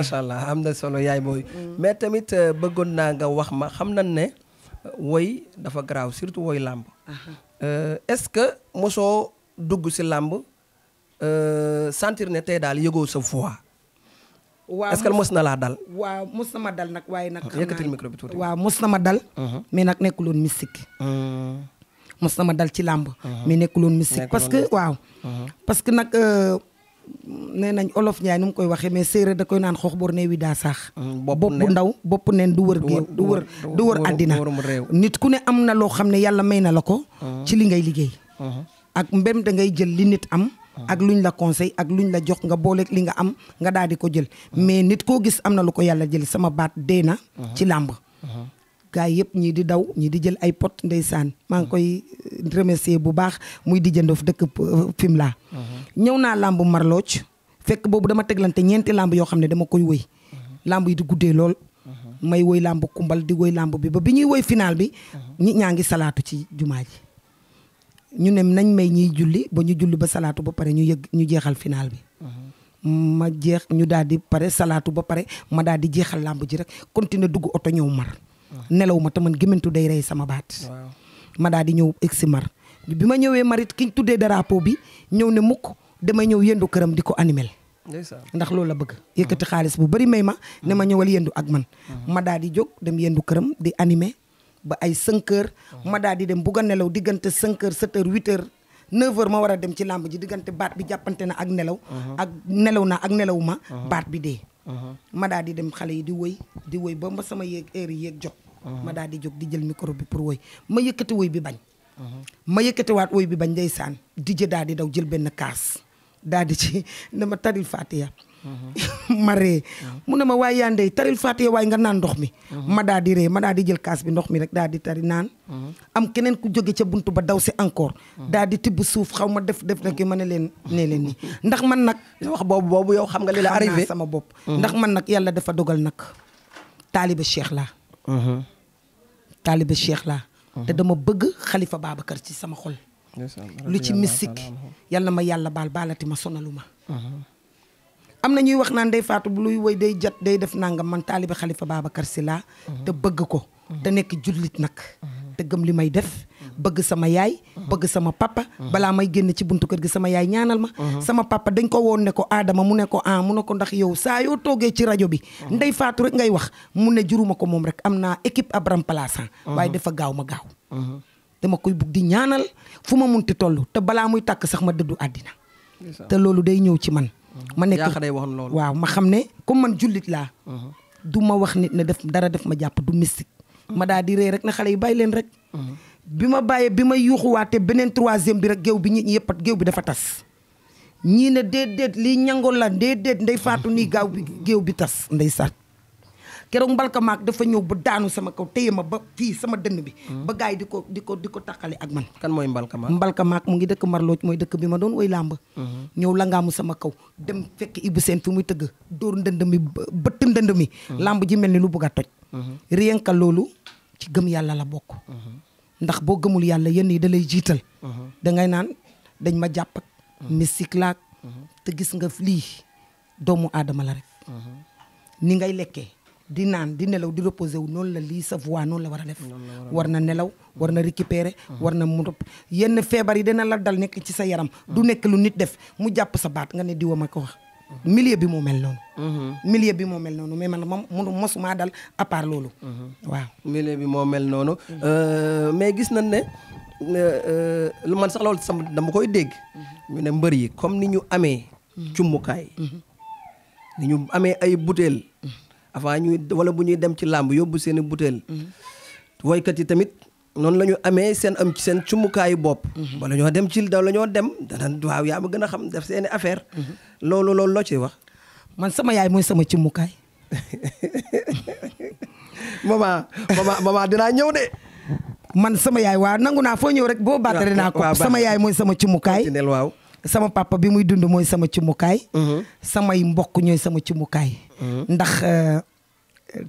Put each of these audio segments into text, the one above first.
macha allah am na solo yaay booy. Mm. mais tamit euh, bëggoon naa nga wax ma xam nañ ne euh, woy dafa garaaw surtout woy làmb. Euh, est-ce que mosoo dugg si làmb sentir ne tey daal yëgoo sa voix. waaw est que mos na laa dal. waaw mos na ma dal nag waaye nag. Ah, yëkkatil micro bi tuuti waaw mos na dal. Mhm. mais nag nekkuloon mystique. Mm. mos na ma dal ci làmb. Mhm. mais nekkuloon mystique parce que waaw. Mhm. parce que nag. nee nañ olof Njaay nu mu koy waxee mais séeréer da koy naan xoox mm, bor ne daa saax. bopp ndaw bopp neen du wër géew du wër du nit ku ne am na loo xam ne yàlla may na la ko. Mm. ci li ngay liggéey. Mm-hmm. ak mbem da ngay jël li nit am. Mm. ak luñ la conseil ak luñ la jox nga boole li nga am nga daal di ko jël. mais nit koo gis am na lu ko yàlla jël sama baat dee na. Mm-hmm. ci làmb. Mm-hmm. gaa yëpp ñii di daw ñii di jël ay pot ndeysaan maa ngi koy remercier bu baax muy di jëndof dëkk Fimela. ñëw naa làmb marlooc fekk boobu dama teglante ñeenti làmb yoo xam ne dama koy woy làmb yi di guddee lool may woy làmb kumbal di woy làmb bi ba bi ñuy woy final bi ñi ñaa ngi salaatu ci jumaa ji ñu ne nañ may ñiy julli ba ñu julli ba salaatu ba pare ñu yëg ñu jeexal final bi ma jeex ñu daal di pare salaatu ba pare ma daal di jeexal làmb ji rek continuer dugg oto ñëw mar nelaw ma te man gémmantu day rey sama baat ma daal di ñëw si mar bi ma ñëwee marit ki ñu tuddee drapeau bi ñëw ne mukk damay ñëw yendu këram di ko animel ndax loolu la bëgg mm-hmm. yëkkati xaalis bu bari may ma ne ma mm-hmm. ñëwal yendu ak man mm-hmm. ma daal di jóg dem yendu këram di animé ba ay 5 heures ma daal di dem bu ga nelaw diggante 5 heures 7 heures 8 heures ma war a dem ci làmb ji diggante baat bi jàppante na ak nelaw ak nelaw na ak nelaw ma baat bi dee ma di dem xale yi di woy di woy ba ma sama yéeg heure yi yéeg jot ma daal di jóg di jël micro bi pour woy ma yëkkati woy bi bañ ma yëkkatiwaat woy bi bañ saan di daal di daw jël benn kaas daal di ci ne ma taril Fatiha. Mhm. ma ree mhm. mu ne ma waay yaa ndey taril Fatiha waaye nga naan ndox mi. Mhm. ma daa di ree ma daal di jël kaas bi ndox mi rek daal di tari naan. am keneen ku jóge ca bunt ba daw si encore. daal di tibb suuf xaw ma def def nag ma ne leen nee leen nii ndax man nag. wax boobu boobu yow xam nga li la arrivé sama bopp. ndax man nag yàlla dafa dogal nag. taaliba Cheikh laa. taaliba Cheikh laa. te dama bëgg xalifa Babacar ci sama xol. lu ci mystique yal na ma yàlla baal baalati ma sonalu ma uh-huh. am na ñuy wax naan day faatu bu luy woy day jat day def nangam man taalibe xalifa Babacar Sy laa uh-huh. te bëgg ko te uh-huh. nekk jullit nag te gëm li may def bëgg sama yaay bëgg sama papa balaa may génn ci buntu kër gi sama yaay ñaanal ma sama papa dañ ko woon ne ko aadama mu ne en ah, mu ne ko ndax yow saa yoo toogee ci rajo bi ndey faatu rek ngay wax mu ne juruma ko moom rek am naa équipe ab remplaçant waaye dafa gaaw ma gaaw dama koy bugg di ñaanal fu ma munti toll te balaa muy tàkk sax ma dëddu àddina te loolu day ñëw ci man mm-hmm. ma nekk waaw ma xam ne comme man jullit laa mm-hmm. du ma wax nit ne def dara def ma jàpp du mystique mm-hmm. ma daa di rey rek na xale yi bàyyi leen rek bi ma bàyyee bi ma yuuxuwaate beneen troisième bi rek géew bi nit ñi yëpp géew bi dafa tas ñii ne déedéet lii ñango la déedéet nday faatu nii gaaw bi géew bi tas ndeysaan keroog mbalka maak dafa ñëw ba daanu sama kaw téye ma ba fii sama dënn bi hmm. ba gars yi di ko di ko di ko takkale ak man kan mooy mbalka maak mbalka maak mu ngi dëkk marlooj mooy dëkk bi ma doon woy làmb hmm. ñëw langaamu sama kaw dem fekk Ibou seen fi muy tëgg dóor ndënd mi bëtt ndënd mi hmm. làmb ji mel ni lu bëgg a toj ci gëm yàlla la bokk boo gëmul yàlla yenn yi da lay naan dañ ma jàpp ak mystique te gis nga lii doomu aadama la rek ni ngay lekkee di naan di nelaw di reposer wu noonu la lii sa voix noonu la war a def war na nelaw war na récupérer war na mu yenn feebar yi dina la dal nekk ci sa yaram du nekk lu nit def mu jàpp sa baat nga ne diwa ma ko wax milieu bi moo mel noonu milieu bi moo mel noonu mais man moom munu mosumaa dal à part waaw milieu bi moo mel noonu euh, mais gis nañ ne lu euh, man sax loolu sama dama koy dégg ñu ne mbër yi comme ni ñu amee cummukaay ni ñu amee ay butéel avant ñuy wala bu ñuy dem ci làmb yóbbu seeni i butéel. woykat yi tamit noonu la ñu amee seen am ci seen cumukaayu bopp. Mhm. wala ñoo dem ci daw la ñoo dem dana waaw yaa ma gën a xam def seen i affaire. Mhm. loolu loolu loo ciy wax. man sama yaay mooy sama cumukaay. maman maman maman dinaa ñëw de. man sama yaay waaw nangu naa foo ñëw rek boo. baatare naa ko sama yaay mooy sama cumukaay. waaw sama papa bi muy dund mooy sama cimukaay mhm. samay mbokk ñooy sama cimukaay mhm. ndax euh,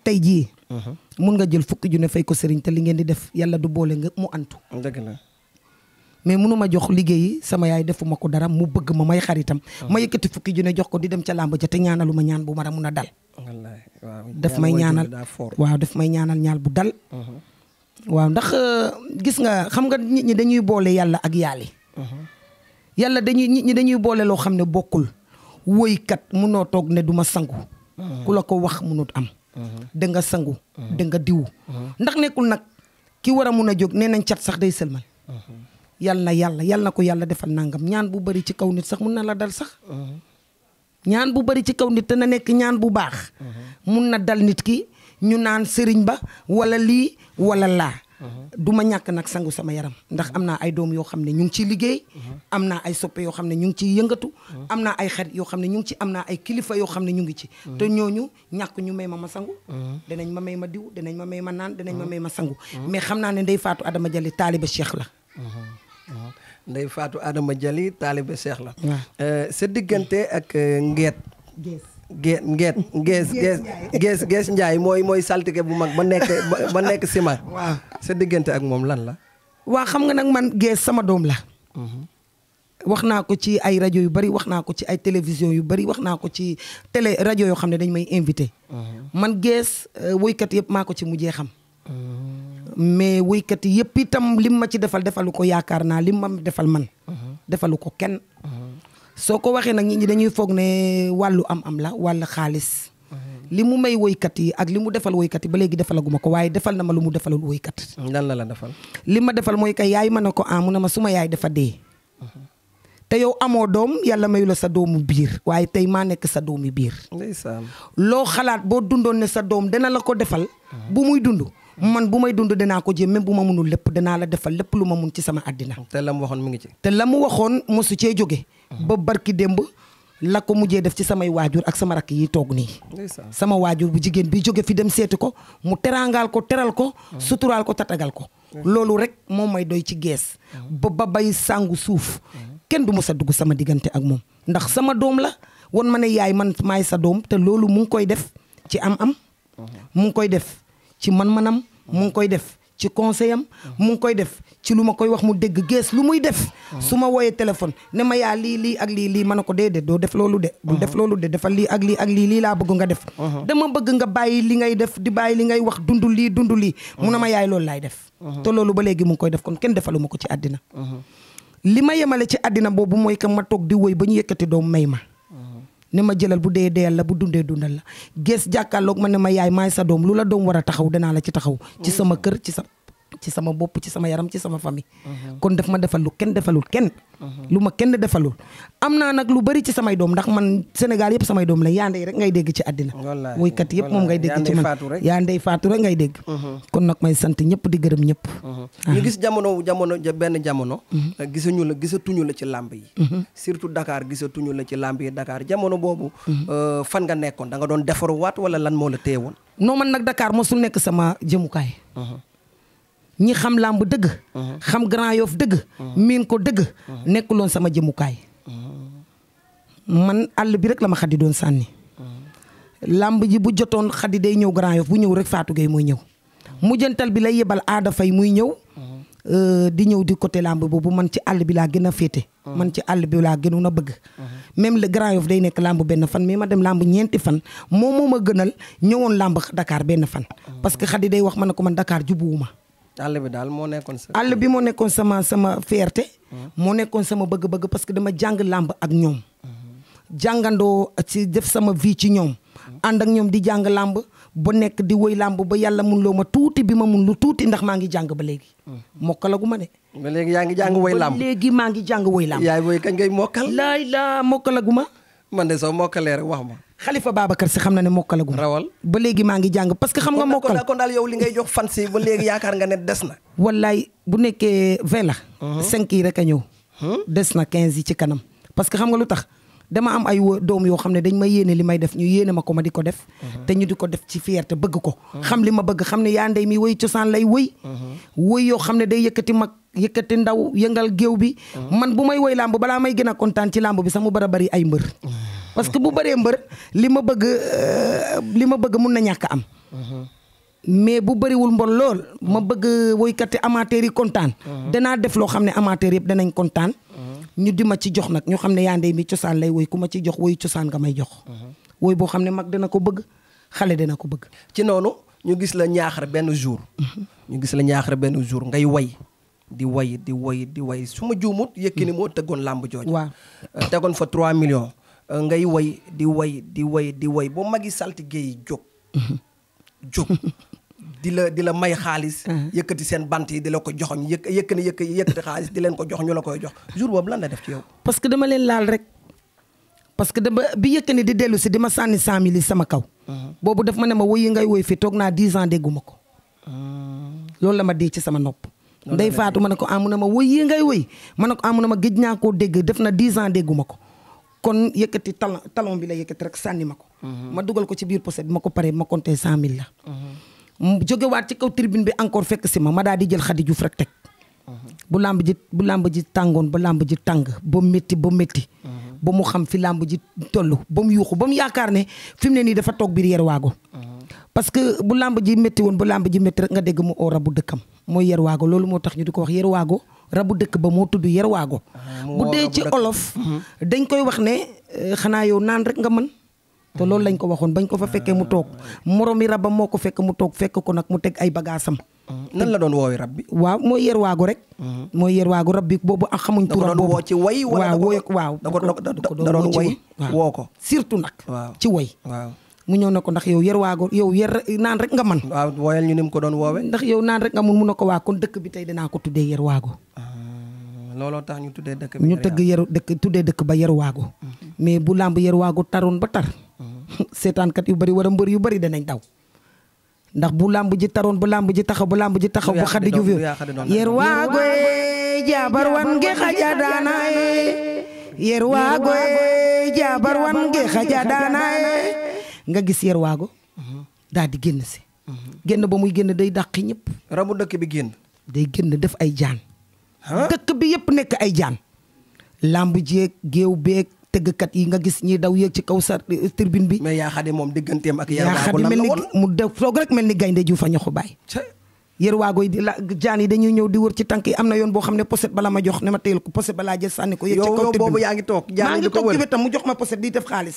tey jii mhm. mun nga jël fukki junne fey ko sëriñ te li ngeen di def yàlla du boole nga mu antu dëgg la mais munu jox liggéey sama yaay defuma ko dara mu bëgg ma may xaritam ma yëkkati fukki junne jox ko di dem ca làmb ja te ñaanalu ma ñaan bu ma a mun a dal daf may ñaanal waaw daf may ñaanal ñaal bu dal waaw ndax euh, gis nga xam nga nit ñi dañuy boole yàlla ak yaali yàlla dañuy nit ñi dañuy boole loo xam ne bokkul woykat munoo toog ne duma ma sangu. Mm-hmm. ku la ko wax munut am. Mm-hmm. da nga sangu. Mm-hmm. da nga diw. ndax nekkul nag ki war a mun a jóg nee nañ cat sax day sëlmal. yal na yàlla yal ko yàlla defal nangam ñaan bu bari ci kaw nit sax mun na la dal sax. ñaan bu bari ci kaw nit te na nekk ñaan bu baax. mun na dal nit ki ñu naan sëriñ ba walla lii walla laa. du ma ñàkk nag sangu sama yaram ndax am naa ay doom yoo xam ne ñu ngi ciy liggéey am naa ay soppe yoo xam ne ñu ngi ciy yëngatu am naa ay xarit yoo xam ne ñu ngi ci am naa ay kilifa yoo xam ne ñu ngi ci te ñooñu ñàkk ñu may ma ma sangu danañ ma may ma diw danañ ma may ma naan danañ ma may ma sangu mais xam naa ne Ndeye faatu Adama Diallo taaliba Cheikh la Ndeye Fatou Adama Diallo taaliba Cheikh la euh, sa diggante ak euh, ngeet geet geet gees gees gees gees Njaay mooy mooy saltige bu mag ba nekk ba nekk sima waaw sa diggante ak moom lan la waa xam nga nag man gees sama doom la mhm. wax naa ko ci ay rajo yu bari wax naa ko ci ay télévision yu bari wax naa ko ci télé rajo yoo xam ne dañ may invité mhm. man gees euh, woykat yëpp maa ko ci mujjee xam mhm. mais woykat yëpp itam lim ma ci defal defalu ko yaakaar naa lim ma defal man defalu ko kenn soo ko waxee nag nit ñi dañuy foog ne wàllu am-am la wàll xaalis. li mu may woykat yi ak li mu defal woykat yi ba léegi defalaguma ko waaye defal na ma lu mu defalul woykat. lan la la defal. li ma defal mooy kay yaay ma ne ko ah mu ne ma suma yaay dafa dee. te yow amoo doom yàlla mayu la sa doomu biir waaye tey maa nekk sa doomi biir. ndeysaan loo xalaat boo dundoon ne sa doom dana la ko defal. bu muy dund man bu may dund danaa ko jéem bu ma munul lépp danaa la defal lépp lu ma mun ci sama àddina te la mu waxoon mu ngi ci te la mu waxoon mosu cee jóge mm-hmm. ba barki démb la ko mujjee def ci samay waajur ak sama rakk yi toog nii sama waajur bu jigéen bi jóge fi dem seeti ko mu teraangaal ko teral ko mm-hmm. suturaal ko tatagal ko mm-hmm. loolu rek moo may doy ci gees ba ba bay sàngu suuf kenn du mës dugg sama diggante ak moom ndax sama doom la won ma ne yaay man maay sa doom te loolu mu ngi koy def ci am am mu ngi koy def ci man-manam mu ngi koy def ci conseil am mu ngi koy def ci lu ma koy wax mu dégg gees lu muy def su ma wooyee téléphone ne ma yaa lii lii ak lii lii ma ne ko dee de doo def loolu de bul def loolu de defal lii ak lii ak lii lii laa bëgg nga def uh-huh. dama bëgg nga bàyyi li ngay def di bàyyi li ngay wax dund lii dund lii mu ne ma uh-huh. yaay loolu laay def uh-huh. te loolu ba léegi mu ngi koy def kon kenn defaluma ko ci àddina li ma yemale ci àddina boobu mooy kam ma toog di ba ñu yëkkati doom may ma ne ma jëlal bu dee deyal la bu dundee dundal la gees jàkkaarloog ma ne ma yaay maay sa doom lu la doom war a taxaw danaa la ci taxaw ci sama kër ci sa ci sama bopp ci sama yaram ci sama famille. Mhm. kon daf ma defal lu kenn defalul kenn. Mhm. lu ma kenn defalul. am naa nag lu bari ci samay doom ndax man Sénégal yëpp samay doom la yaa ndey rek ngay dégg ci àddina. wallaay woykat yëpp moom ngay dégg ci man yaa ndey faatu rek ngay dégg. Mhm. kon nag may sant ñëpp di gërëm ñëpp. Ah. ñu gis jamono jamono benn jamono. Eh, gisatuñu la gisatuñu la ci làmb yi. surtout dakaar gisatuñu la ci làmb yi Dakar jamono boobu. Eh, fan nga nekkoon da nga doon defaruwaat wala lan moo la téye woon. man nag Dakar mosul nekk sama jëmukaay. ñi xam làmb dëgg. Mhm. xam Grand Yoff dëgg. Mhm. miin ko dëgg. Mhm. nekkuloon sama jëmukaay. man àll bi rek la ma xaddi doon sànni. làmb ji bu jotoon xaddi day ñëw Grand Yoff bu ñëw rek Fatou Gueye mooy ñëw. mujjantal bi lay yebal aada fay muy ñëw. Euh, di ñëw di côté làmb boobu man ci àll bi laa gën a féete. man ci àll bi laa gënoon a bëgg. même le Grand Yoff day nekk làmb benn fan mais ma dem làmb ñeenti fan moom moo ma gënal ñëwoon làmb Dakar benn fan. parce que xaddi day wax ma ko man Dakar jubuwuma àll bi daal moo nekkoon sa. àll bi moo sama sama fierté. moo nekkoon sama bëgg-bëgg parce que dama jàng làmb ak ñoom. jàngandoo ci def sama vie ci ñoom. ànd ak ñoom di jàng làmb ba nekk di woy làmb ba yàlla mun loo ma tuuti bi ma mun lu tuuti ndax maa ngi jàng ba léegi. mokkalagu ma de. ba léegi yaa ngi jàng maa ngi jàng woy làmb. yaay woy kañ ngay mokkal. laay laa mokkalagu ma. man de soo mokkalee rek wax ma. Khalifa Babacar Sy xam na ne mokkalagum. rawal ba léegi maa ngi jàng parce que xam nga. mokkal kon daal yow li ngay jox fan si ba léegi yaakaar nga ne des na. wallaay bu nekkee vingt la. Mhm. cinq yi rek a ñëw. Mhm. des na quinze yi ci kanam parce que xam nga lu tax. dama am ay doom yoo xam ne dañ ma yéene li may def ñu yéene ma ko ma di ko def mhm. te ñu di ko def ci fierté bëgg ko mhm. xam li ma bëgg xam ne yaa ndey mi woy cosaan lay woy mhm. woy yoo xam ne day yëkkati mag yëkkati ndaw yëngal géew bi man bu may woy làmb balaa may gën a kontaan ci làmb bi sax mu bara bari ay mbër parce que bu bëree mbër li ma bëgg euh, li ma bëgg mun na ñàkk am mais bu bëriwul mbon lool ma bëgg woykati amateur yi kontaan danaa def loo xam ne amateur yëpp danañ kontaan ñu di ma ci jox nag ñu xam ne yaa ndey mi cosaan lay woy ku ma ci jox woyu cosaan nga may jox. woy boo xam ne mag dana ko bëgg xale dina ko bëgg. ci noonu ñu gis la ñaaxar benn jour. ñu gis la ñaaxar benn jour ngay woy di woy di woy di woy su ma juumut Yékini moo tegoon làmb jooju. waaw euh, tegoon fa 3 millions. Euh, ngay way di way di way di way ba magi saltige yi jóg. jóg. di la di la may xaalis mm-hmm. yëkkati seen bant yi di la ko joxoñ yëkk yëkk ne yëkk yëkkati xaalis di leen ko jox ñu la koy jox jour boobu lan la def ci yow parce que dama leen laal rek parce que dama bi yëkk ne di dellu si di ma sànni cent mille sama kaw mm-hmm. boobu daf ma ne ma woy yi ngay woy fi toog naa dix ans dégguma ko mm-hmm. loolu la ma dee ci sama nopp nday faatu ma ne ko amu ah, na ma woy yi ngay woy ma ne ko amu ah, ma géj naa koo dégg def na dix ans dégguma ko kon yëkkati talon talon bi la yëkkati rek sànni ma ko ma dugal ko ci biir poset bi ma ko paree ma compté cent mille la jógewaat ci kaw tribune bi encore fekk si ma ma daa di jël Khady Diouf rek teg. bu làmb ji bu làmb ji tàngoon ba làmb ji tàng ba métti ba métti. ba mu xam fi làmb ji toll ba mu yuuxu ba mu yaakaar ne fi mu ne nii dafa toog biir yerwaago parce que bu làmb ji métti woon ba làmb ji métti rek nga dégg mu oo rabu dëkkam mooy yerwaago loolu moo tax ñu di ko wax yerwaago rabu dëkk ba moo tudd yerwaago ah, bu dee ci olof mhm. dañ koy wax ne eh, xanaa yow naan rek nga mën te loolu lañ ko waxoon bañ ko fa fekkee mu toog moromi rabam moo ko fekk mu toog fekk ko nag mu teg ay bagaasam mm-hmm. nan la doon woowi rab bi waaw mooy yeer waagu rek mm-hmm. mooy yeer waagu rab boobu ak xamuñ turam boobu woo ci way wala waaw da ko da doon way woo ko surtout nag ci way mu ñëw na ko ndax yow yer waago yow yer naan rek nga man waaw wooyal ñu ni mu ko doon woowe ndax yow naan rek nga mun mun na ko waa kon dëkk bi tey dinaa ko tuddee yer waago ah, looloo tax ñu tuddee dëkk bi ñu tëgg yer dëkk tuddee dëkk ba yer waago mm-hmm. mais bu làmb yer waago taroon ba tar seetaankat yu bëri wala mbër yu bari danañ daw ndax bu làmb ji taroon bu làmb ji taxaw bu làmb ji taxaw bu xaddi ju fi yer waagoye jabar wan nge xaja daana yer nga gis yer waago di génn si génn ba muy génn day dàqi ñëpp ramu dëkk bi génn day génn def ay jaan dëkk bi yëpp nekk ay jaan làmb jeeg géew beeg tëgg kat yi nga gis ñii daw yéeg ci kaw sa eh, tribune bi. mais yaa xadi moom digganteem ak. yaa xadi mel ni mu def toog rek mel ni gaynde ju fa ñu xubaay. yër waago yi di la jaan yi dañuy ñëw di wër ci tànk yi am na yoon boo xam ne poset bala ma jox ne ma téyel ko poset balaa jël ko yëg ci toog maa ngi toog ci wetam mu jox ma poset di def bi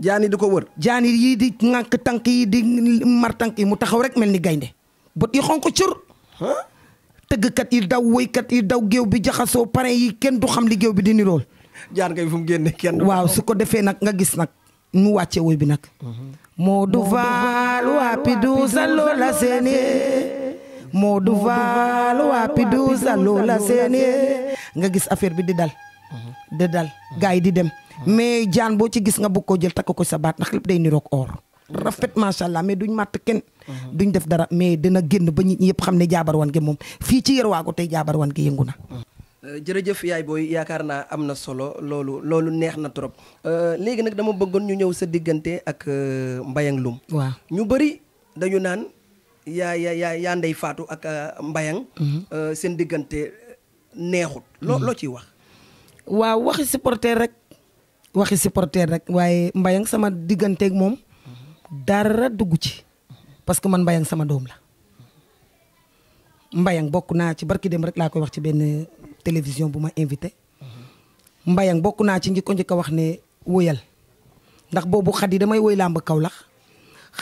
jaan yi ko wër jaan yi di ŋànk tànk yi di mar tànk yi mu taxaw rek mel ni gaynde bët yi xonko cur tëggkat yi daw woykat yi daw géew bi jaxasoo pare yi kenn du xam li géew bi di nirool jaar ngay fu mu génne kenn. waaw su ko defee nag nga gis nag mu wàcce woy bi nag. Modou Fall wapidu zalo la seeni Modou Fall wapidu zalo la seeni nga gis affaire bi di dal. di dal gars yi di dem. mais jaan boo ci gis nga bëgg koo jël takk ko sa baat ndax lépp day niroog or. rafet macha allah mais duñ màtt kenn. ñu def dara mais dina génn ba nit ñi xam ne jaabar wan gi moom fii ci Yerwaago tey jaabar wan gi yëngu na. Euh, jërëjëf yaay booy yaakaar naa am na solo loolu loolu neex na trop euh, léegi nag dama bëggoon ñu ñëw sa diggante ak euh, Mbayang Loum waaw ñu bëri dañu naan yaa yaa yaa ndey faatu ak Mbayang mhm. seen diggante neexut loo mhm. loo ciy wax waaw waxi supporter rek waxi supporter rek waaye Mbayang sama digganteeg moom dara dugg ci parce que man Mbayang sama doom la Mbayang bokk naa ci barki dem rek laa koy wax ci benn télévision bu ma invité mbayang bokk naa ci njikko njëkk wax ne woyal ndax boobu xadi damay woy làmb kawlax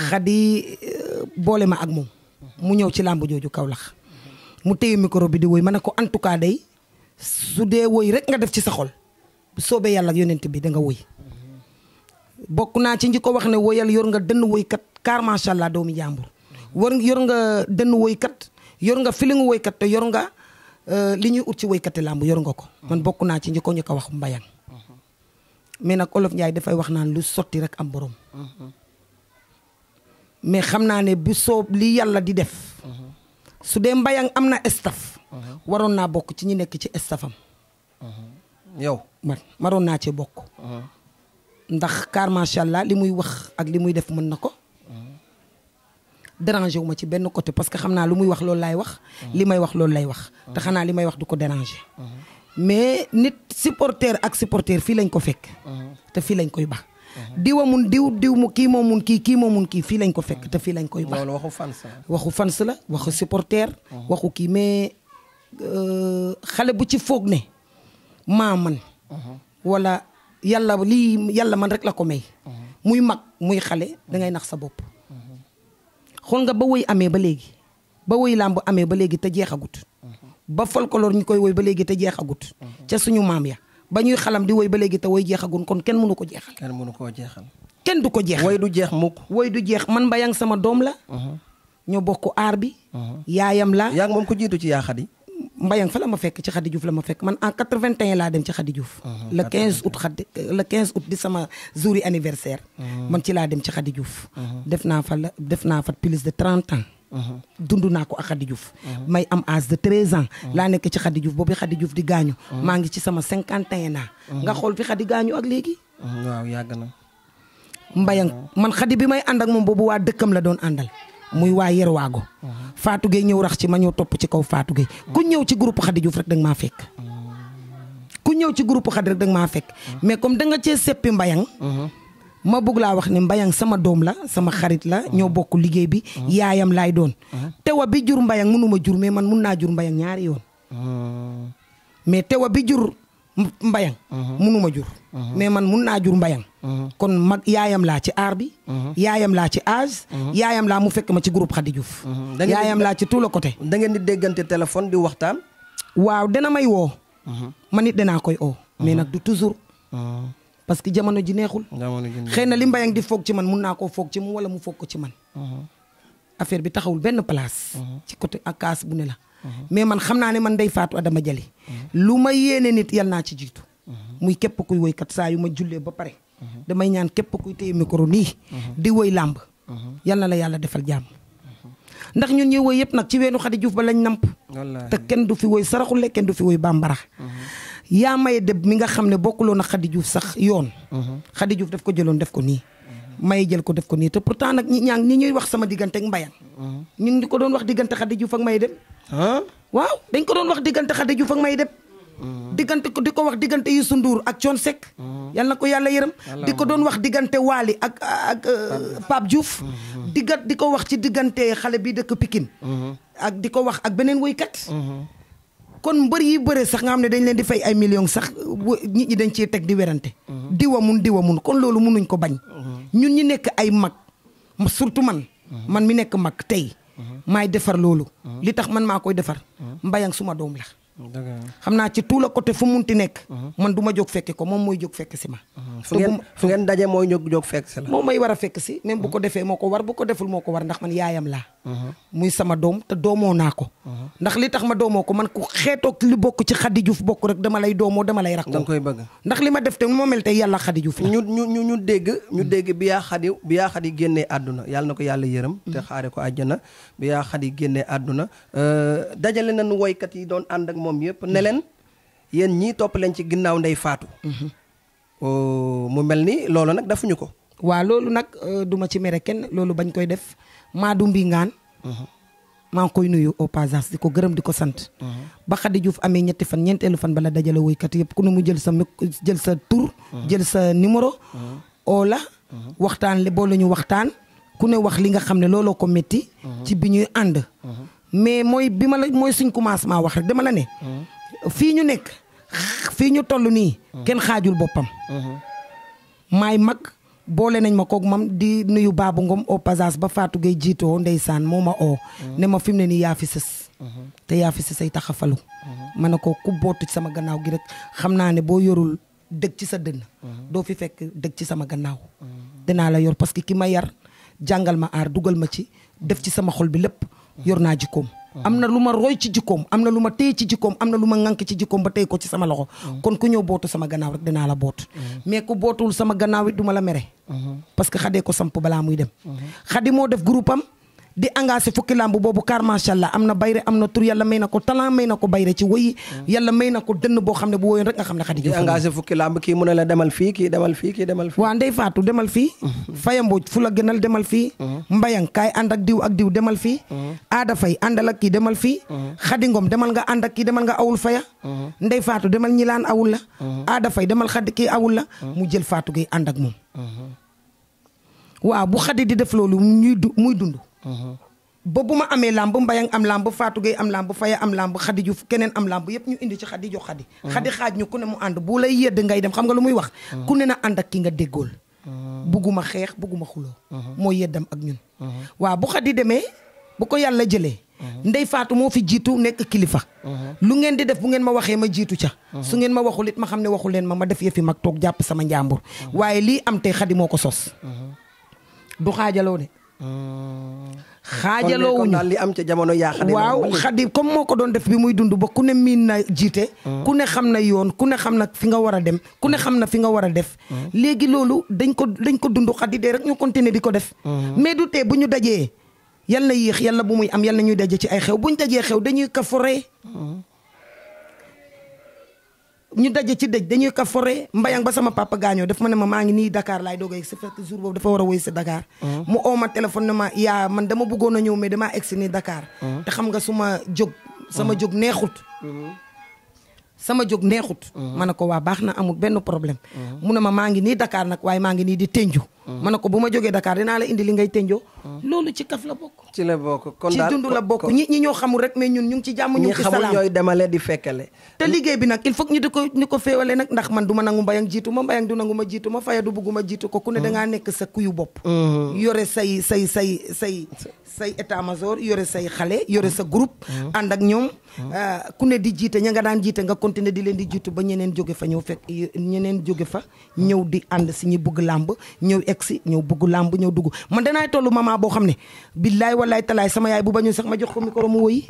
xadi euh, boole ma ak moom mu ñëw ci làmb jooju kawlax mu téye micro bi di woy ma ne ko en tout cas day su dee woy rek nga def ci sa xol soobee yàlla yonent bi da nga woy bokk naa ci nji wax ne woyal yor nga dënn woykat car macha allah doomi jàmbur yor nga dënn woykat yor nga filingu woykat te yor nga Euh, li ñuy ut ci woykati làmb yor nga ko. man bokk naa ci ñi ko ñu ko wax mbayang mais nag olof Ndiaye dafay wax naan lu sotti rek am borom. mais xam naa ne bu soob li yàlla di def. su dee mbayan am na staf. waroon naa bokk ci ñi nekk ci stafam. yow man waroon naa ci bokk. Uh-huh. ndax car macha allah li muy wax ak li muy def mën na ko. dérangé wu ci benn côté parce que xam naa lu muy wax loolu laay wax. li may wax loolu lay wax. te xanaa li may wax du ko dérangé. mais nit supporter ak supporter fii lañ ko fekk. te fii lañ koy ba. diwa mun diw diw mu kii moo mun kii kii moo mun fii lañ ko fekk te fii lañ koy baax. waxu fans la waxu fans la waxu supporter. waxu kii mais euh, xale bu ci foog ne maa man. wala yàlla lii yàlla man rek la ko may. Mhm. muy mag muy xale dangay nax sa bopp. xool nga ba woy amee ba léegi ba woy làmb amee ba léegi te jeexagut ba folklore ñu koy woy ba léegi te jeexagut ca suñu maam ya ba ñuy xalam di woy ba léegi te woy jeexagun kon kenn mënu ko jeexal kenn mënu koo jeexal kenn du ko jeexal woy du jeex mukk woy du jeex man mbayang sama doom la mhm. ñoo bokk aar bi mhm. yaayam laa yaa moom ko jiitu ci yaaxat yi Mbayang fa la ma fekk ci Khady Diouf la ma fekk man en 81 laa dem ci Khady Diouf. Ah, le 15 août Khady le 15 août di sama jour yi anniversaire. Ah. man ci laa dem ci Khady Diouf. Ah. def naa fa la def naa fa plus de 30 ans. dund naa ko ak Khady Diouf. may am âge de 13 laa nekk ci Khady Diouf boobu Khady Diouf di gaañu. maa ngi ci sama cinquante naa nga xool fi Khady gaañu ak léegi. waaw yàgg na. Mbayang man Khady bi may ànd ak moom boobu waa dëkkam la doon àndal. muy waa Yerwaago. Fatou Gueye ñëw rax ci ma ñëw topp ci kaw faatu Gueye. ku ñëw ci groupe Khady Diouf rek da maa fekk. ku ñëw ci groupe Khady rek da maa fekk. mais comme da nga cee seppi mbayang uh-huh. ma bugg laa wax ne mbayang sama doom la sama xarit la uh-huh. ñoo bokk liggéey bi. Uh-huh. yaayam laay doon. tewa bi jur mbayang mënu ma jur mais man mun naa jur mbayang ñaari yoon. mais tewa bi jur mbayang mënu jur. mais man mun naa jur mbayang Mhm. kon mag yaayam laa ci aar bi. Mhm. yaayam laa ci âge. Mhm. yaayam laa mu fekk ma ci groupe Khady Diouf. yaayam laa ci tout le côté. da ngeen di déggante téléphone bi waxtaan. waaw dana may woo. man it danaa koy oo. mais nag du toujours. parce que jamono ji neexul. xëy na li mbayang di foog ci man mun naa koo foog ci mu wala mu foog ko ci man. affaire bi taxawul benn place. ci côté ak kaas bu ne la. mais man xam naa ne man day faatu Adama Jali. lu ma yéene nit yal naa ci jiitu. muy képp kuy woykat saa yu ma jullee ba pare. damay ñaan képp kuy téye micro nii. Mhm. di woy làmb. Mhm. yàlla la yàlla defal jàmm. Mhm. ndax ñun ñuy woy yëpp nag ci weenu Xadi Juuf ba lañ namp. te kenn du fi woy saraxule kenn du fi woy bambara. yaa maye de mi nga xam ne bokkuloon ak Xadi Juuf sax yoon. Xadi Juuf daf ko jëloon def ko nii. may jël ko def ko nii te pourtant nag ñi ñaa ñi ñuy wax sama diggante ak mbayam. ñun ko doon wax diggante Xadi Juuf ak may dem. waaw dañ ko doon wax diggante Xadi Juuf ak may dem. diggante ko di ko wax diggante Youssou Ndour ak Thione Seck. yal na ko yàlla yërëm. di ko doon wax diggante Waly ak ak euh, Pape Diouf. Mm-hmm. digga di ko wax ci diggante xale bi dëkk pikin mm-hmm. ak di ko wax ak beneen woykat. Mm-hmm. kon mbër yi bëre sax nga xam ne dañ leen di fay ay million sax nit ñi dañ ciy teg di werante. diwa mun diwa mun kon loolu munuñ ko bañ. ñun ñi nekk ay mag surtout man. man mi nekk mag tey. maay defar loolu. li tax man maa koy defar. mbayang suma doom la. xam naa ci tout le côté fu ti nekk. Mhm. man du ma jóg fekki ko moom mooy jóg fekk si ma. Mhm. fu ngeen fu ngeen daje mooy jóg fekk si la. moom mooy war a fekk si même bu ko defee moo ko war bu ko deful moo ko war ndax man yaayam laa. muy sama doom te doomoo naa ko. ndax li tax ma doomoo ko man ku xeetoog li bokk ci Khady Diouf bokk rek dama lay doomoo dama lay rakkoo. da koy bëgg ndax li ma def te nu ma mel tey yàlla Khady Diouf ñu ñu ñu ñu dégg. ñu dégg bi yaa Khady bi yaa génnee àdduna yàlla na ko yàlla yërëm. te xaare ko àjjana bi yaa Khady génnee àdduna. Euh, dajale nañu woykat yi doon ànd ak moom yëpp ne leen yéen ñii topp leen ci ginnaaw ndey faatu. Oh, mu mel ni loolu nag defuñu ko. waaw loolu nag euh, duma ci mere kenn loolu bañ koy def maa Maadou ngaan mhm. maa ngi koy nuyu au passage di ko gërëm di ko sant. Mhm. ba Khady Diouf amee ñetti fan ñeenteelu fan bala dajale woykat yëpp ku ne mu jël sa jël sa tur. Mhm. jël sa numéro. oola waxtaan le boo la ñu waxtaan. ku ne wax li nga xam ne looloo ko métti. ci bi ñuy ànd. mais mooy bi ma la mooy suñ commencement wax rek dama la ne. fii ñu nekk fii ñu toll nii. kenn xaajul boppam. maay mag boole nañ ma koog man di nuyu baabu Ngom au passage ba faatu gay jiitoo ndeysaan moo ma oo mm-hmm. ne ma fi mu ne nii yaa fi sës mm-hmm. te yaa fi sës ay taxafalu mm-hmm. ma ne ko ku bootu sama gannaaw gi rek xam naa ne boo yorul dëgg ci sa dënn doo fi fekk dëgg ci sama gannaaw dinaa la yor parce que ki ma yar jàngal ma aar dugal ma ci def ci sama xol bi lépp yor naa jikkoom am na lu ma roy ci jikkoom am na lu ma téye ci jikkoom am na lu ma ŋànk ci jikkoom ba téye ko ci sama loxo mm-hmm. kon ku ñëw bootu sama gannaaw rek dinaa la boot mm-hmm. mais ku bootul sama gannaaw duma la mere mm-hmm. parce que xadee ko samp balaa muy dem xadi moo def groupe am di engagé fukki làmb boobu car macha allah am na bayre am na tur yàlla may na ko talent may na ko bayre ci woy yàlla may na ko dënn boo xam ne bu woyoon rek nga xam ne xadi di engagé fukki làmb kii mu ne la demal fii kii demal fii demal fii waaw ndey faatu demal fii mhm. la gënal demal fii mhm. mbayang kaay ak diw ak diw demal fii mhm. aada fay àndal ak kii demal fii xaddi ngoom demal nga ànd ak kii demal nga awul faya ndey faatu demal ñilaan awul la aada fay demal xadi kii awul la mu jël faatu gi ànd ak moom waaw bu xadi di def loolu muy dund ba bu ma amee làmb mbayang am làmb Fatou Gueye am làmb Faye am làmb Khady Diouf keneen am làmb yëpp ñu indi ci Khady jox Khady mm-hmm. Khady xaaj ñu ku ne mu ànd boo lay yedd ngay dem xam nga lu muy wax mm-hmm. ku ne na ànd ak ki nga déggool mm-hmm. bugguma xeex bugguma xuloo mooy yeddam ak ñun waaw bu Khady demee bu ko yàlla jëlee ndey faatu moo fi jiitu nekk kilifa lu ngeen di def bu ngeen ma waxee ma jiitu ca su ngeen ma waxul it ma xam ne waxul leen ma ma def yëfi mag toog jàpp sama njàmbur waaye lii am moo ko sos du xaajaloo de xaajaloo wuñu li am ca jamono yaa waaw xadi comme moo ko doon def bi muy dund ba ku ne miin na jiite. Mm. ku ne xam na yoon ku ne xam na fi nga war a dem ku ne mm. xam na fi nga war a def. Mm. léegi loolu dañ ko dañ ko dund xadi de rek ñu continuer di ko def. mais du tee bu ñu dajee yal na yéex yal na bu muy am yal na ñuy daje ci ay xew bu ñu dajee xew dañuy kaforee. ñu daje ci dëj dañuy ka foree mbayang ba sama papa dafa ma ne ma maa ngi nii Dakar laay doog a yegg si fekk jour boobu dafa war a woy si Dakar mm-hmm. mu oo ma téléphone ne ma yaa man dama bëggoon a ñëw mais damaa egg si nii dakaar mm-hmm. te xam nga suma jóg sama mm-hmm. jóg neexut sama jóg neexut ma ne ko waa baax na amul benn problème mu ne ma maa ngi nii dakaar nag waaye maa ngi nii di tënju Mm. ma ne ko bu ma jógee Dakar dinaa la indi li ngay tenjoo mm. loolu ci kaf la bokk ci la bokk kon daal ci dund la bokk ñi ñi ñoo xamul rek mais ñun ñu ngi ci jàmm ñu ngi ci salaam ñi xamul ñooy demale di ñu ko ni ko féewale nag ndax man du ma nangu mbayang jiitu ma mbayang du nangu ma jiitu ma faya du bugg ko ku ne mm. dangaa nekk sa kuyu mm-hmm. yore say say say say say état major yore say xale yore sa groupe mm-hmm. ànd ak ñoom mm-hmm. euh, ku ne di jiite ña nga daan jiite nga continuer di leen di jiitu ba ñeneen jóge fa ñëw fekk ñeneen jóge fa ñëw di ànd si ñi bëgg làmb ñëw si ñëw bëgg làmb ñëw dugg man danaay tollu maman boo xam ne billaay wallaay talaay sama yaay bu bañu sax ma jox ko micro mu woy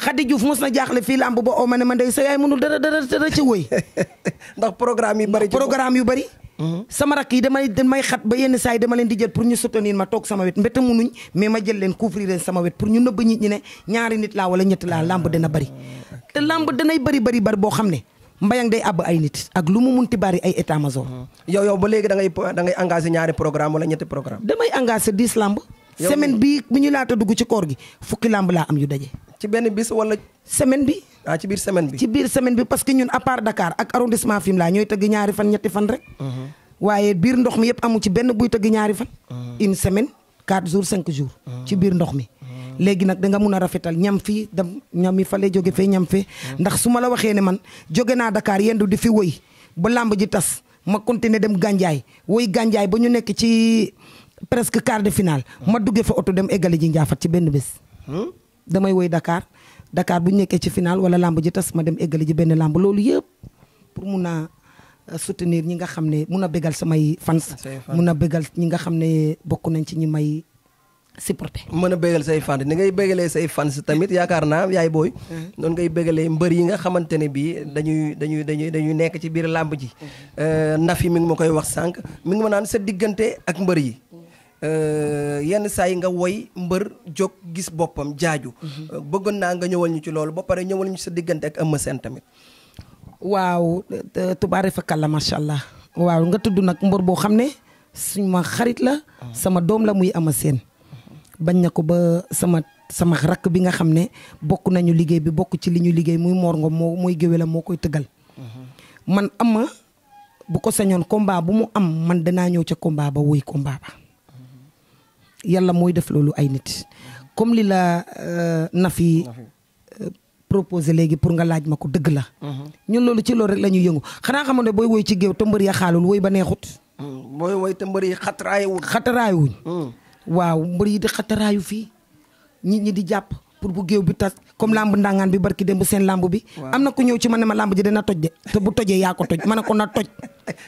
Khady Diouf mos na jaaxle fii làmb ba oo ma ne ma ndey sa yaay mënul dara dara dara ci woy ndax programme yu bari programme yu bari mm-hmm. sama rakk yi damay damay xat ba yenn saa yi dama leen di jël pour ñu soutenir ma toog sama wet mbete munuñ mais ma jël leen couvrir leen sama wet pour ñu nëbb nit ñi ne ñaari nit laa wala ñett laa làmb dana bari te làmb danay bari bari ne mbayang day àbb ay nit ak lu mu munti bari ay état major mm-hmm. yow yow ba léegi da ngay da ngay engagé ñaari programme wala ñetti programme damay engagé dix lamb semaine bi bi ñu laata dugg ci koor gi fukki lamb laa am yu daje ci benn bis wala semaine bi ah ci biir bi ci biir semaine bi parce que ñun à part Dakar ak arrondissement Fimela ñooy tëgg ñaari fan ñetti fan rek mm-hmm. waaye biir ndox mi yëpp amu ci benn buy tëgg ñaari fan mm-hmm. une semaine quatre jour cinq jours ci biir ndox mi léegi nag danga mun a rafetal ñam fii dem ñam fa lay jóge fee ñam fee ndax su ma la waxee ne man jóge naa dakaar yendu di fi woy ba làmb ji tas ma continuer dem Gandiaye woy Gandiaye ba ñu nekk ci presque quart de ma duggee fa oto dem eggali ji njaafat ci benn bés hmm? damay woy Dakar Dakar bu ñu nekkee ci final wala làmb ji tas ma dem eggali ji benn làmb loolu yëpp pour mun a euh, soutenir ñi nga xam ne mun a bégal samay fans mun a bégal ñi nga xam ne bokk nañ ci ñi may supporter. mën a bégal say fans ni ngay bégalee say fans tamit yaakaar naa yaay booy. noonu ngay bégalee mbër yi nga xamante ne bii dañuy dañuy dañuy dañuy nekk ci biir làmb ji. Euh, ndax fi mi ngi ma koy wax sànq mi ngi ma naan sa diggante ak mbër yi. Euh, yenn saa yi nga woy mbër jóg gis boppam jaaju. bëggoon naa nga ñëwal ñu ci loolu ba pare ñëwal ñu sa diggante ak Eumeu seen tamit. waaw tubaare fakal la macha allah waaw nga tudd nag mbër boo xam ne suñu ma xarit la. Ah. sama doom la muy Eumeu Sène bañ na ko ba sama sama rakk bi nga xam ne bokk nañu liggéey bi bokk ci li ñu liggéey muy Mor Ngom moo muy géwélam moo koy tëggal. Mm-hmm. man ama bu ko sañoon combat bu mu am man danaa ñëw ca combat ba wuy combat ba mm-hmm. yàlla mooy def loolu ay nit comme li la euh, na fi euh, proposé léegi pour nga laaj ma ko dëgg la. Mm-hmm. ñun loolu ci loolu rek la yëngu xanaa xam ne booy woy ci géew te mbër ya xaalul woy ba neexut. booy woy te mbër yi xataraayu wuñ. xataraayu mm. wuñ. waaw mbër yi di xataraayu fii nit ñi di jàpp pour bu géew bi tas comme lamb ndangaan bi barki dem bu seen làmb bi. am na ku ñëw ci man ne ma lamb ji dina toj de. te bu tojee yaa ko toj ma ne a toj.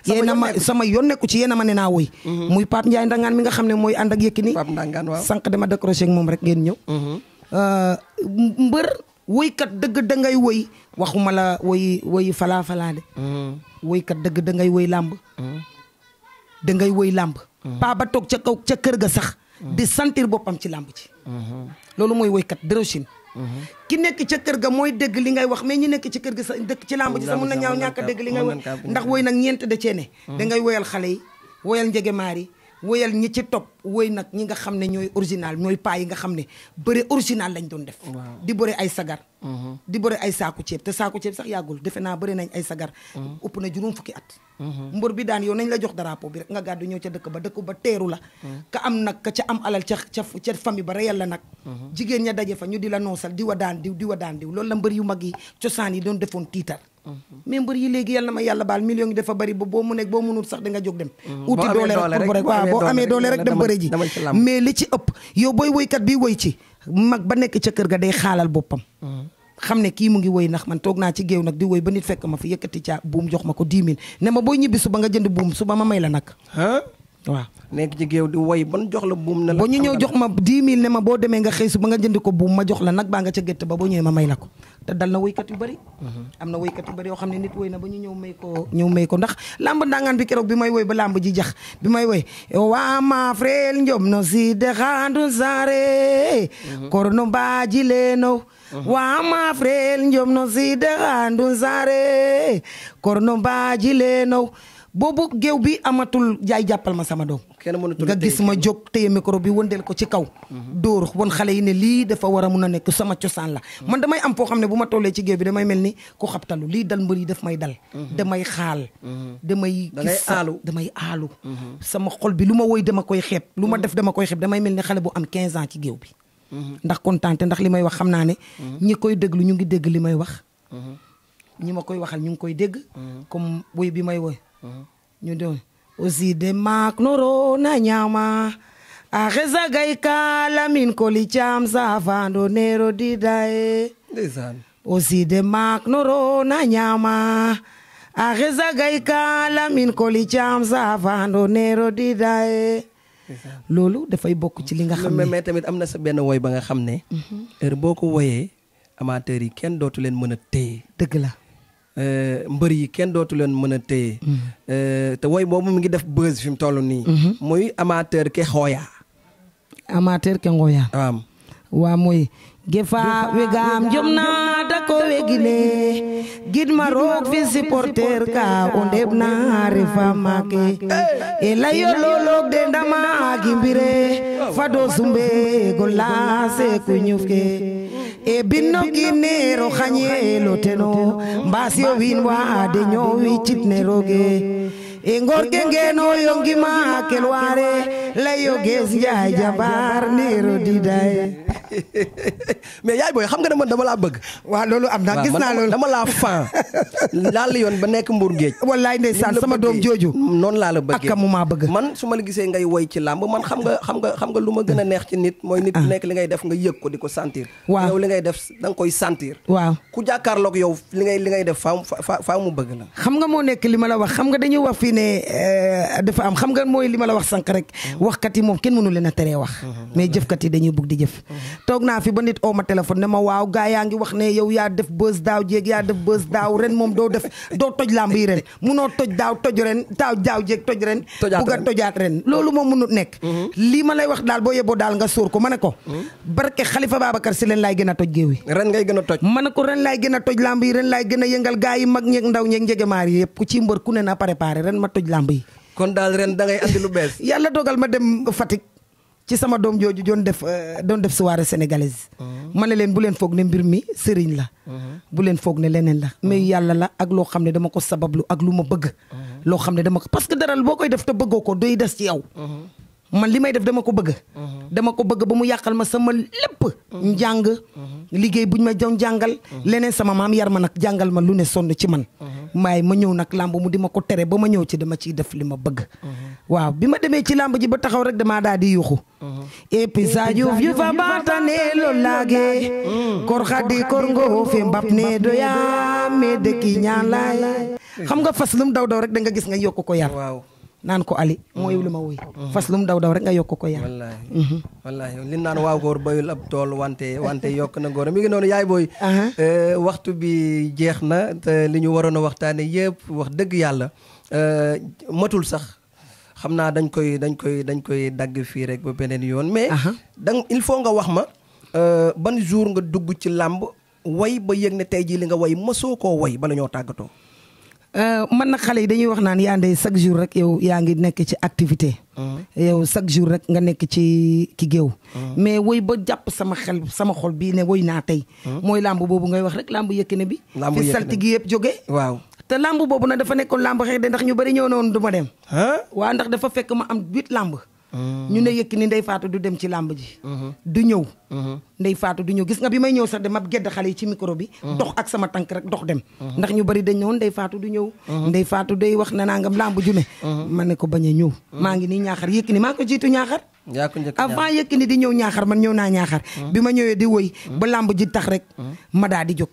yéena ma sama yoon nekku ci yéena ma ne naa woy. Mhm. muy Pape Ndiaye ndangaan nga xam ne mooy ànd ak Yékini. Pape ndangaan sànq dama décroché ak moom rek ngeen ñëw. Mhm. Euh, mbër dëgg da ngay woy waxuma la woy woy falaa falaa mhm. dëgg da ngay woy lamb. ngay woy lamb. paa toog ca kaw ca kër ga sax. di santir boppam ci làmb ci loolu mooy woykat dérosine ki nekk ca kër ga mooy dégg li ngay wax mais ñi nekk ci kër ga sa dëkk ci làmb ji sa mun na ñaaw ñàkk a dégg li ngay wax ndax woy nag ñeent da cee ne da woyal xale yi woyal njege maar yi woyal ñi ci topp woy nag ñi nga xam ne ñooy original ñooy paa yi nga xam ne bëre original lañ doon def di bëre ay sagar mm-hmm. di bëre ay saaku ceeb te saaku ceeb sax yàggul defe naa bëre nañ ay sagar mm-hmm. ëpp na juróom fukki at mm-hmm. mbër bi daan yow nañ la jox drapeau bi rek nga gàddu ñëw ca dëkk ba dëkk ba teeru la ka am nag ka ca am alal ca ca ca famille ba reyal la nag jigéen ña daje fa ñu di la noosal di wa daan diw di wa daan diw loolu la mbër yu mag yi cosaan yi doon defoon tiitar Mm-hmm. membre yi léegi yal ma yàlla baal million yi dafa bari ba boo mu nekk boo mënul sax da nga jóg dem mm-hmm. uti doole rek pour rek waaw boo amee doole rek dem bëre ji mais li ci ëpp yow booy woykat bi woy ci mag ba nekk ca kër ga day xaalal boppam mm-hmm. xam ne kii mu ngi woy ndax man toog naa ci géew nag di woy ba nu fekk ma fi yëkkati caa buum jox ma ko 10 000 ne ma booy ñibbi suba nga jënd buum suba ma may la nag waaw nekk ci géew di woy ban jox la buum ne la ba ñu ñëw jox ma 10 000 ne ma boo demee nga xëy ba nga jënd ko buum ma jox la nag baa nga ca gétt ba boo ñëwee ma may la ko te dal na woykat yu bëri mm-hmm. am na woykat yu bëri yoo xam ne nit woy na ba ñu ñëw may ko ñëw may ko ndax lamb ndangaan bi keroog bi may woy ba lamb ji jax bi may woy wa ma frel njom no si dexandu sare mm-hmm. korno mbaaji leeno mm-hmm. wa ma frel njom no si dexandu sare korno mbaaji leeno boobu géew bi amatul jaay jàppal ma sama doom. nga gis ma jóg téye micro bi wëndeel ko ci kaw. Mhm. dóor won xale yi ne lii dafa war a mun a nekk sama cosaan la. Mhm. man damay am foo xam ne bu ma tollee ci géew bi damay mel ni ku xabtalu lii dal mbër yi daf may dal. Mhm. damay xaal. damay gis aalu damay aalu. sama xol bi lu ma woy dama koy xeeb. lu ma def dama koy xeeb damay mel ni xale bu am 15 ans ci géew bi. ndax kontaan ndax li may wax xam naa ne. ñi koy déglu ñu ngi dégg li may wax. ñi ma koy waxal ñu ngi koy dégg. comme woy bi may woy You doing? Uzide mak noro na nyama. Areza gaika la min koli chamza vando nero didae. Desan. Uzide mak noro na nyama. Areza gaika la min koli chamza vando nero didae. loolu dafay bokk ci li nga xam ne mais tamit am na sa benn woy ba nga xam ne. Mhm. heure boo ko woyee amateurs yi kenn dootu leen mën a téye. dëgg la. Euh, mbër yi kenn dootu leen mën a téye. Mm-hmm. Euh, te woy boobu mu ngi def buzz fi mu toll nii. Mm-hmm. muy amateur ke xooyaa. amateur ke ngooyaa. waa muy. gefa wegaam jomna dako wegile gidma roog fi supporter ka o ndebna refa maake e layo e lolog de ndama gimbire fado sumbe go lase ku ñufke e binno ginneero xañeelo teno mbaasiyo wiin waade ñoowi citnerooge e ngorge ngeenoyo ngima kelwaare layo gees njaay jabaar neero didaye mais yaay booy xam nga ne man dama laa bëgg. waa loolu am na gis naa loolu dama laa fan laal yoon ba nekk Mbour Géej. wallaay ndeysaan sama doom jooju. noonu laa la bëggee ak mu maa bëgg. man su ma la gisee ngay woy ci làmb man xam nga xam nga xam nga lu ma gën a neex ci nit. mooy nit ku ah. nekk li ngay def nga yëg ko di ko sentir. waa yow li ngay def da nga koy sentir. waaw ku jàkkaarloog yow li ngay li ngay def faaw faaw mu bëgg la. xam nga moo nekk li ma la wax xam nga dañuy wax fii ne eh, dafa am xam nga mooy li ma la wax sànq rek mm-hmm. waxkat yi moom kenn mënu leen a teree wax mm-hmm. mais jëfkat yi dañuy bëgg di jëf mm-hmm. toog naa fi ba nit oo ma téléphone ne ma waaw gaa yaa ngi wax ne yow yaa def bës daaw jéeg yaa def bës daaw ren moom doo def doo toj làmb yi ren munoo toj daaw toj ren taaw daaw jéeg toj ren bugg a tojaat ren loolu moom munut nekk mhm. lii ma lay wax daal boo yeboo daal nga ko ma ne ko mhm. barke Xalifa Babacar Si leen laay gën a toj géew yi ren ngay gën a toj ma ne ko ren laay gën a toj làmb yi ren laay gën a yëngal gaa yi mag ñeeg ndaw ñeeg njegemaar yi yëpp ku ci mbër ku ne na préparé ren ma toj làmb yi kon daal ren da ngay andi lu bees yàlla dogal ma dem Fatick ci sama doom jooju doon def euh, doon def soirée sénégalaise. Oh. ma ne leen bu leen foog ne mbir mi sëriñ la. Oh. bu leen foog ne leneen la. mais oh. yàlla la ak loo xam ne dama ko sabablu ak lu ma bëgg. loo xam ne dama ko parce que dara boo koy def te bëggoo ko doy des ci yow. man li may def dama ko bëgg. Mhm. dama ko bëgg ba mu yàqal ma sama lépp. Mhm. njàng. Mhm. liggéey buñ ma doon jàngal. leneen sama maam yar ma nag jàngal ma lu ne sonn ci man. waaye ma ñëw nag làmb mu di ma ko tere ba ma ñëw ci dama ciy def li ma bëgg. waaw bi ma demee ci làmb ji ba taxaw rek damaa daal di yuuxu. episadio yu fa baatane lo laage. kor xadi kor ngo fe mbap ne doya me dëkki ñaan laay. xam nga fas lu mu daw daw rek da nga gis nga yokk ko yar. waaw. naan ko Ali moo mm. yiw li ma wuy mm-hmm. fas lu mu daw daw rek nga yokk ko yaa wallaahi mm-hmm. wallaahi li naan waaw góor bayul ab tool wante wante yokk na góor mi ngi noonu yaay booy eh, waxtu bi jeex na te li ñu waroon a waxtaane yëpp wax dëgg yàlla eh, matul sax xam naa dañ koy dañ koy dañ koy dagg fii rek ba beneen yoon mais dang il faut nga wax ma eh, ban jour nga dugg ci làmb way ba yëg ne tey jii li nga way masoo koo woy bala ñoo tàggatoo Euh, man na xale yi dañuy wax naan yaa ndey chaque jour rek yow yaa ngi nekk ci activité. Uh-huh. yow chaque jour rek nga nekk ci ki géew. Uh-huh. mais woy ba jàpp sama xel sama xol bii ne woy naa tey. Uh-huh. mooy làmb boobu ngay wax rek làmb Yékini bi. làmb Yékini bi fi saltige yëpp jóge waaw te làmb boobu nag dafa nekkoon làmb xeex de ndax ñu bari ñëw na woon du ma dem. waa ndax dafa fekk ma am huit làmb. ñu ne Yékini Ndeye faatu du dem ci làmb ji. Mhm. du ñëw. Mhm. ndey Fatou du ñëw gis nga bi may ñëw sax de ma gedd xale yi ci micro bi. Mhm. dox ak sama tànk rek dox dem. ndax ñu bari dañ ñëwoon Ndeye faatu du ñëw. Ndeye faatu day wax na nangam làmb ju ne. ma ne ko bañ a ñëw. maa ngi nii ñaaxar Yékini maa ko jiitu ñaaxar. yaa ko avant Yékini di ñëw ñaaxar man ñëw naa ñaaxar. bi ma ñëwee di woy ba làmb ji tax rek ma daa di jóg.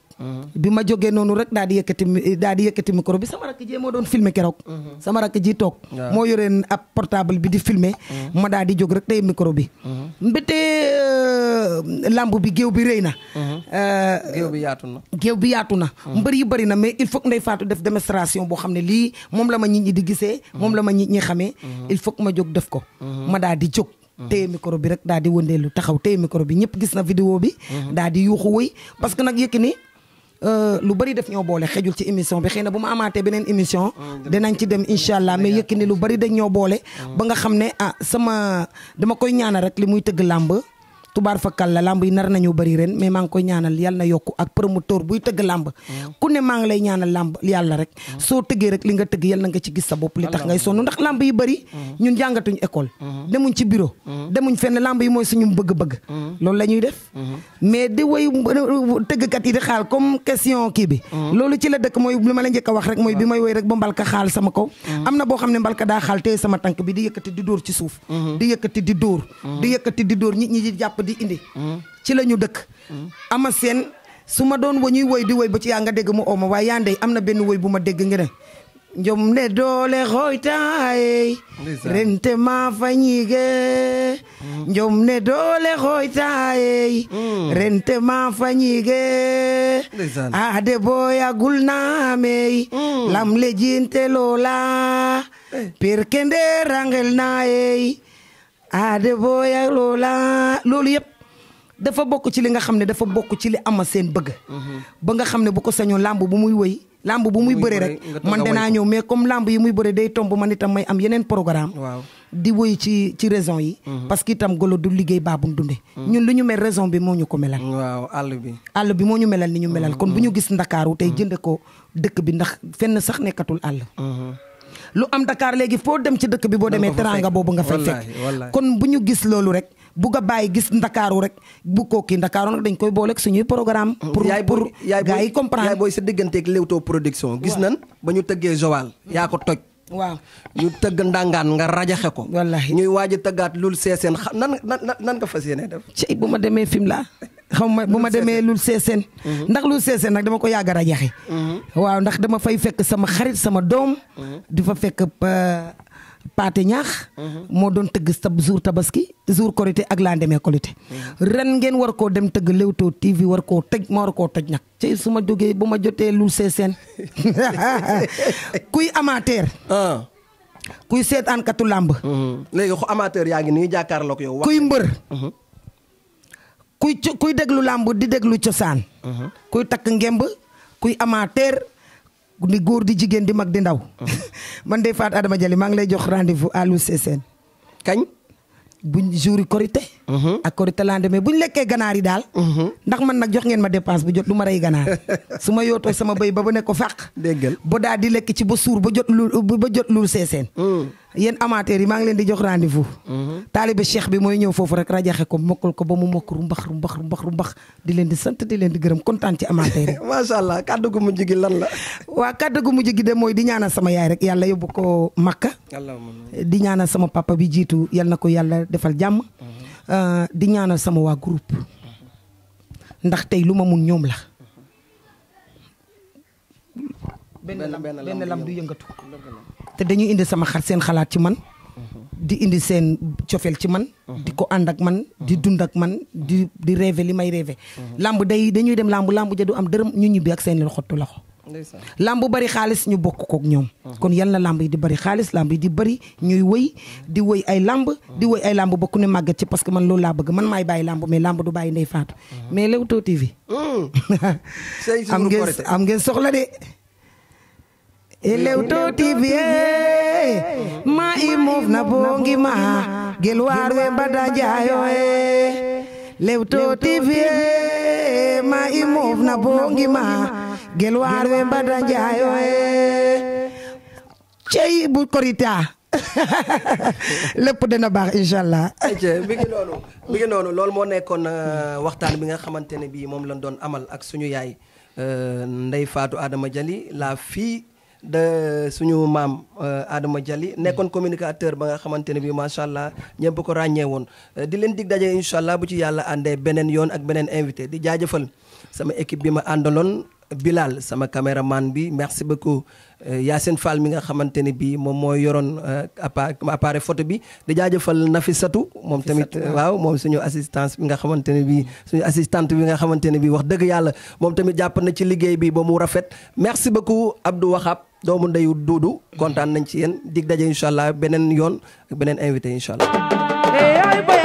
bi ma jógee noonu rek daal di yëkkati eh, daal di yëkkati micro bi sama rakk ji moo doon filmer keroog. Mhm. sama rakk ji toog. moo yoreen ab portable bi di filmer. Mhm. ma daal di jóg rek tey micro bi. Mhm. mbete euh, lamb bi géew bi rëy na. Euh, géew bi na. géew bi yaatu na. mbër yi bëri na mais il faut que Ndeye def démonstration boo xam ne lii moom la ma nit ñi di gisee. moom la ma nit ñi xamee. il faut ma jóg def ko. ma daal di jóg. téye micro bi rek daal di wëndeelu taxaw tey micro bi ñëpp gis na vidéo bi. daal di yuuxu wëy parce que nag Yékini Euh, lu bari def ñoo boole xejul ci émission bi xëy na bu ma amaatee beneen émission dinañ ci dem incha allah mais Yékini lu bari dañ ñoo boole ba nga xam ne ah sama dama koy ñaanal rek li muy tëgg làmb tubaar fakkal la lamb yi nar nañu bëri ren mais maa ngi koy ñaanal yàlla na yokku ak promoteur buy tëgg lamb mm. ku ne maa lay ñaanal lamb yàlla rek mm. soo tëggee rek li nga tëgg yàlla na nga ci gis sa bopp li tax ngay sonn ndax lamb yi bëri mm. ñun jàngatuñ école demuñ ci bureau demuñ fenn lamb yi mooy suñu bëgg-bëgg loolu la ñuy def mais di way tëggkat yi di xaal comme question kii bi loolu ci la dëkk mooy li ma la njëkk a wax rek mooy bi may way rek ba mbalka xaal sama kaw am na boo xam ne mbalka daa bi di yëkkati di dóor ci suuf di yëkkati di dóor jàpp di indi. ci la ñu dëkk. ama seen su ma doon woñuy woy di ba ci yaa nga dégg mu ooma waaye yaa am na benn woy bu ma dégg nga ne. njom ne doole xooytaay rente ma fañige mm. njom ne doole xooytaay mm. rente ma fañige ade boya gulnaamey mm. lam le jinte loola eh. perkende rangel naayey aada ah, booy ak loolu yëpp dafa bokk ci li nga xam ne dafa bokk ci li ama seen bëgg. Mm-hmm. ba nga xam ne bu ko sañoo làmb bu muy wëy. làmb bu muy bëre rek man danaa ñëw mais comme làmb yi muy bëre day tomb man itam may am yeneen programme. waaw di wëy ci ci raison yi. Mm-hmm. parce que itam golo du liggéey baabum dunde mm-hmm. ñun lu ñu mel raison bi moo ñu ko melal. waaw bi. àll bi moo ñu melal ni ñu melal kon bu ñu gis ndakaaru tey jënd ko dëkk bi ndax fenn sax nekkatul àll. lu am ndakaar léegi foo dem ci dëkk bi boo demee teranga boobu nga fay fekk kon bu ñu gis loolu rek bu ga bàyyi gis ndakaaru rek bu kooki ndakaaru nag dañ koy booleeg suñuy programme pour pour gars yi comprendre yaay booy sa digganteeg Leewtoo production gis nan ba ñu tëggee Joal yaa ko toj waaw ñu tëgg ndàngaan nga rajaxe ko wallaahi ñuy waaj a tëggaat loolu seeseen nan nan nan nga fas yéene def ci bu ma demee fim la xam ma bu ma demee lul seeseen mhm. ndax lul seeseen nag dama ko yàgg a rajaxe mhm. waaw ndax dama fay fekk sama xarit sama doom mhm. di fa fekk paate ñaax moo doon tëgg sa jour tabaski jour korité ak laa lendemain korité ren ngeen war koo dem tëgg Leewtoo TV war koo tëj ma war koo toj nag ci su ma jógee bu ma jotee lul seeseen kuy amateur ah. kuy seetaankatu làmb léegi xo amateur yaa ngi nii jàkkaarloog yow kuy mbër kuy kuy déglu làmb di déglu cosaan. Uh-huh. kuy takk ngemb kuy amateur ni góor di jigéen di mag di ndaw. Uh-huh. man de Fatou Adama Jali maa ngi lay jox rendez-vous à Loul Sessène kañ. buñ jour yi korité uh-huh. ak korité lendemain buñ lekkee ganaar yi daal ndax man nag jox ngeen ma dépense bu jot lu ma rey ganaar su ma yootoo sama béy ba ba ne ko fàq déggal ba daal di lekk ci ba suur ba jot lu ba jot Loul Sessène mm. yéen amateurs yi maa ngi leen di jox rendez-vous. Mhm. taalibe cheikh bi mooy ñëw foofu rek rajaxe ko mokkal ko ba mu mokk rumbax rumbax rumbax rumbax di leen di sant di leen di gërëm kontaan ci amateurs yi. macha allah kaddu gu mujj gi lan la. waa kaddu gu mujj gi de mooy di ñaanal sama yaay rek yàlla yóbbu ko Makka. di ñaanal sama papa bi jiitu yal na ko yàlla defal jàmm. Mhm. Euh, di ñaanal sama waa groupe. Mhm. ndax tey lu ma mun ñoom la. benn lam benn lam du yëngatu. te dañuy indi sama xar seen xalaat ci man. di indi seen cofeel ci man. di ko ànd ak man. di dund ak man di di rêvé li may rêvé. làmb day dañuy dem làmb làmb ja du am dërëm ñu ñibbi ak seen xottu loxo. làmb bari xaalis ñu bokk kook ñoom kon yal na làmb yi di bari xaalis làmb yi di bari ñuy wëy di wëy ay làmb di wëy ay làmb bokku ne ci parce que man loolu laa bëgg man maay bàyyi làmb mais làmb du bàyyi ndey faatu mm-hmm. mais Leewtoo TV mm. am am ngeen soxla de Leewtoo TV eh. ma eh. eh. i moof na boongi ma gel waar TV ma i moof na boongi ma gel waar we mbada njaayo e cey bu korita lépp dina baax incha allah. mi ngi noonu mi moo nekkoon waxtaan bi nga xamante ne bii moom lañ doon amal ak suñu yaay Ndeye Fatou Adama Jali la fille de suñu maam aadama euh, Dialli nekkoon communicateur ba nga xamante ne bi macha allah ñëpp ko ràññee woon euh, di leen dig daje incha bu ci yàlla àndee beneen yoon ak beneen invité di jaajëfal sama équipe bi ma àndaloon bilaal sama caméraman bi merci beaucoup euh, Yacine Fall mi nga xamante ne bii moom moo yoroon euh, appareil photo bi di fi satu moom tamit waaw moom suñu assistance bi nga xamante ne bii suñu assistante bi nga xamante ne bii wax dëgg yàlla moom tamit jàpp na ci liggéey bi ba mu rafet merci beaucoup Abdou Wahab doomu ndeyu Duudu kontaan nañ ci yéen dig daje incha allah beneen yoon beneen invité incha allah